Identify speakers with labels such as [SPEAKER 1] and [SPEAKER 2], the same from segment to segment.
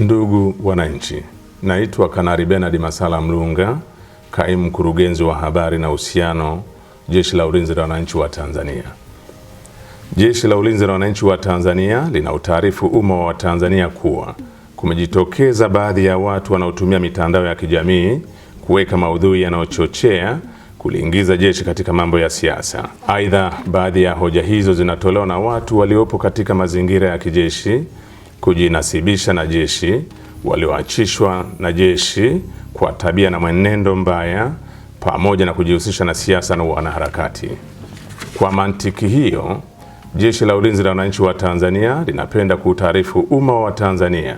[SPEAKER 1] Ndugu wananchi, naitwa kanari Bernard Masala Mlunga, kaimu mkurugenzi wa habari na uhusiano, Jeshi la Ulinzi la Wananchi wa Tanzania. Jeshi la Ulinzi la Wananchi wa Tanzania lina utaarifu umma wa Tanzania kuwa kumejitokeza baadhi ya watu wanaotumia mitandao ya kijamii kuweka maudhui yanayochochea kuliingiza jeshi katika mambo ya siasa. Aidha, baadhi ya hoja hizo zinatolewa na watu waliopo katika mazingira ya kijeshi kujinasibisha na jeshi, walioachishwa na jeshi kwa tabia na mwenendo mbaya, pamoja na kujihusisha na siasa na wanaharakati. Kwa mantiki hiyo, Jeshi la Ulinzi la Wananchi wa Tanzania linapenda kuutaarifu umma wa Tanzania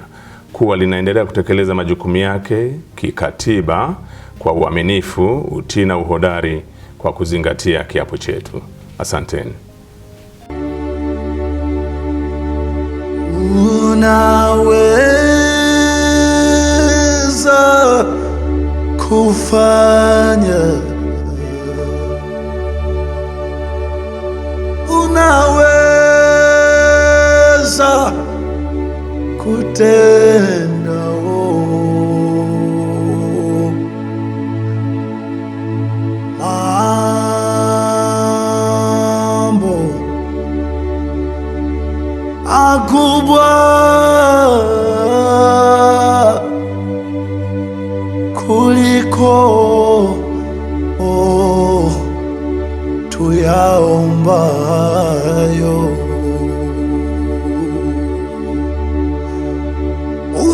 [SPEAKER 1] kuwa linaendelea kutekeleza majukumu yake kikatiba kwa uaminifu, utii na uhodari kwa kuzingatia kiapo chetu. Asanteni. unaweza kufa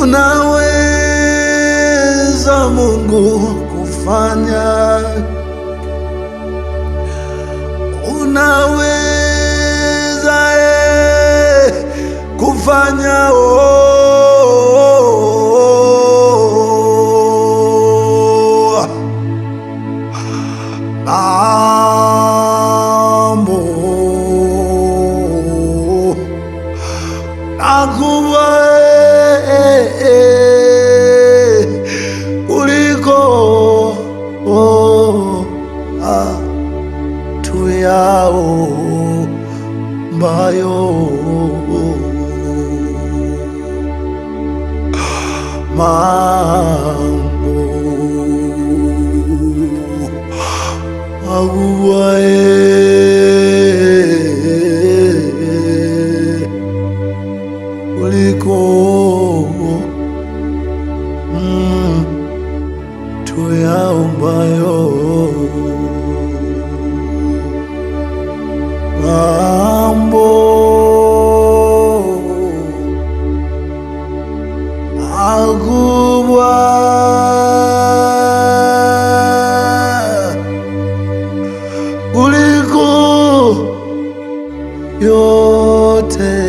[SPEAKER 1] unaweza Mungu kufanya, unaweza eh, kufanya oh. Ah. nayo mambo auwae kuliko mtu yaombayo yote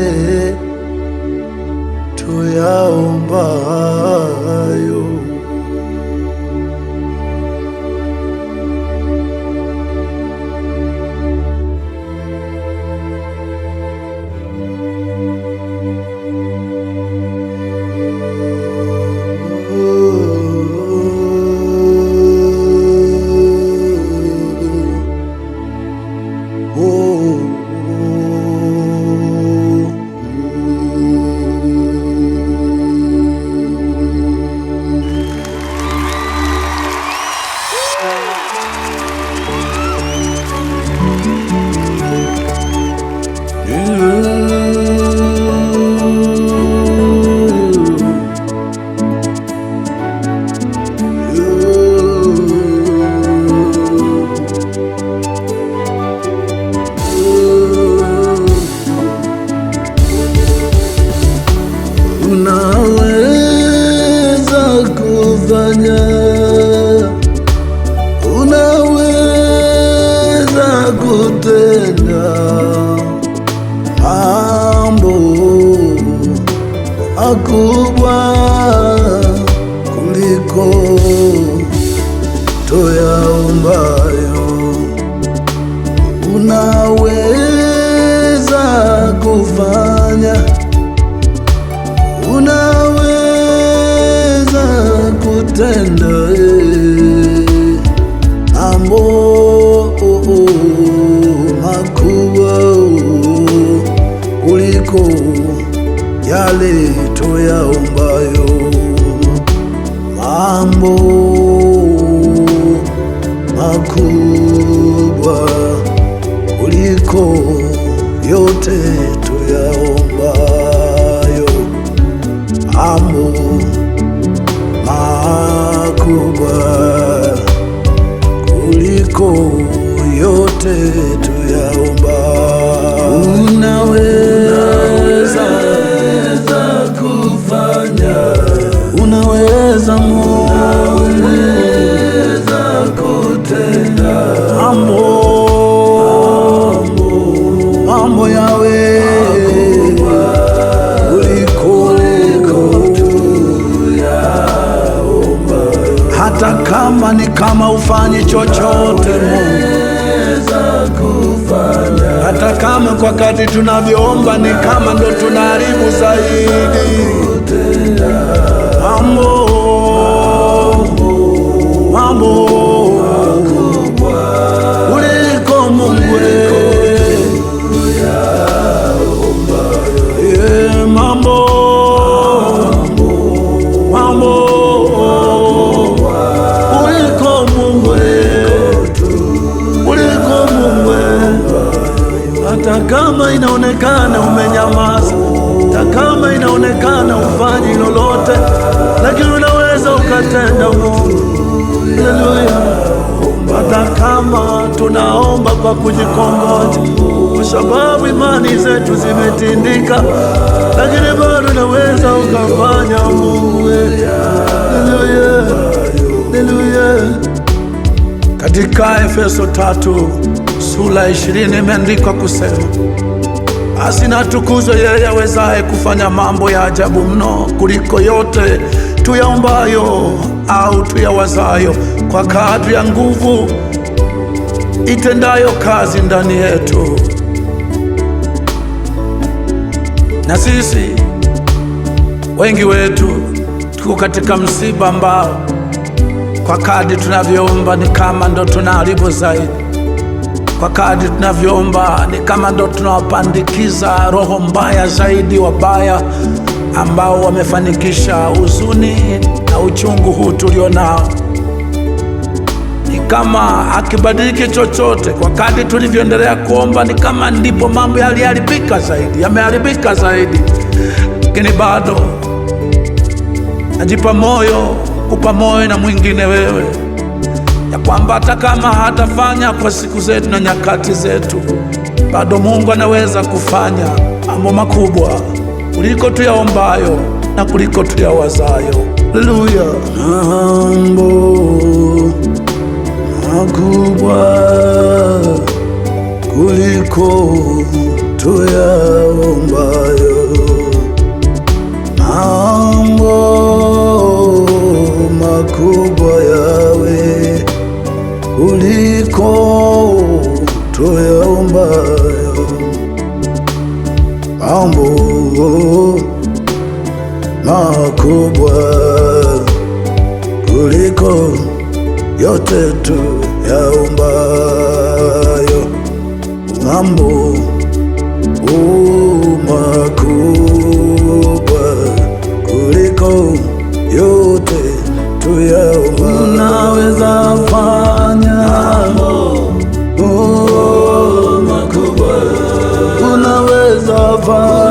[SPEAKER 1] kufanya, unaweza kutenda mambo makubwa kuliko toyaombayo. Unaweza kufanya kutenda eh, amor oh, oh, makubwa oh, kuliko yale toyaombayo mambo yote tuyaomba wakati tunavyoomba ni kama ndo tunaharibu zaidi. kwa kujikongoja, kwa sababu imani zetu zimetindika, lakini bado unaweza ukafanya Mungu katika Efeso tatu sura ishirini imeandikwa kusema, basi na atukuzwe yeye awezaye kufanya mambo ya ajabu mno kuliko yote tuyaombayo au tuyawazayo, kwa kadri ya nguvu itendayo kazi ndani yetu, na sisi wengi wetu tuko katika msiba ambao kwa kadi tunavyoomba ni kama ndo tunaharibu zaidi, kwa kadi tunavyoomba ni kama ndo tunawapandikiza roho mbaya zaidi wabaya ambao wamefanikisha huzuni na uchungu huu tulionao kama akibadiliki chochote. Kwa kadri tulivyoendelea kuomba, ni kama ndipo mambo yaliharibika zaidi, yameharibika zaidi. Lakini bado najipa moyo, kupa moyo na mwingine wewe, ya kwamba hata kama hatafanya kwa siku zetu na nyakati zetu, bado Mungu anaweza kufanya mambo makubwa kuliko tuyaombayo na kuliko tuyawazayo. Haleluya
[SPEAKER 2] makubwa kuliko tuyaombayo. Mambo makubwa yawe kuliko tuyaombayo. Mambo makubwa kuliko yote tu yaumbayo mambo makubwa kuliko yote tuyaumba.
[SPEAKER 1] Unaweza fanya
[SPEAKER 2] makubwa,
[SPEAKER 1] unaweza fanya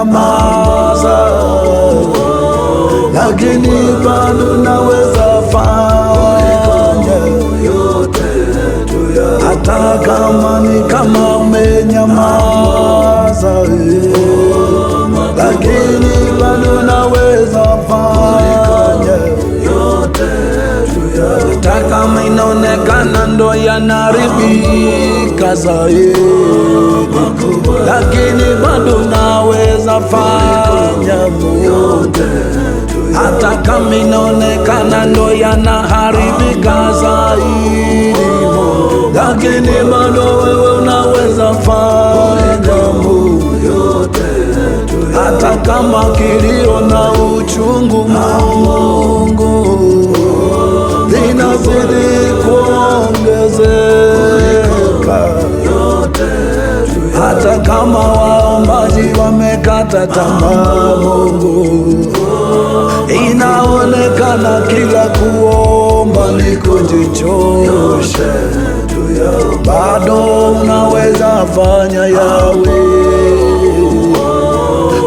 [SPEAKER 1] nyamaza, lakini bado naweza fanya hata kama ni kama umenyamaza, lakini bado naweza fanya hata kama inaonekana ndo yanaribia kuwa ye, lakini bado naweza fanya yote, hata kama inaonekana ndo yanaharibika zaidi, lakini bado wewe unaweza fanya yote, hata kama kilio na uchungu Mungu linazidi kuongezeka. hata kama waombaji wamekata tamaa. Mungu, inaonekana kila kuomba ni kujichosha, bado unaweza fanya yawe,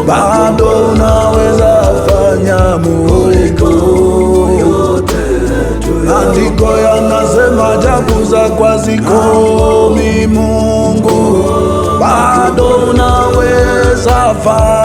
[SPEAKER 1] bado unaweza fanya Mungu. Andiko yanasema jabu za kwa zikomi Mungu bado unaweza fanya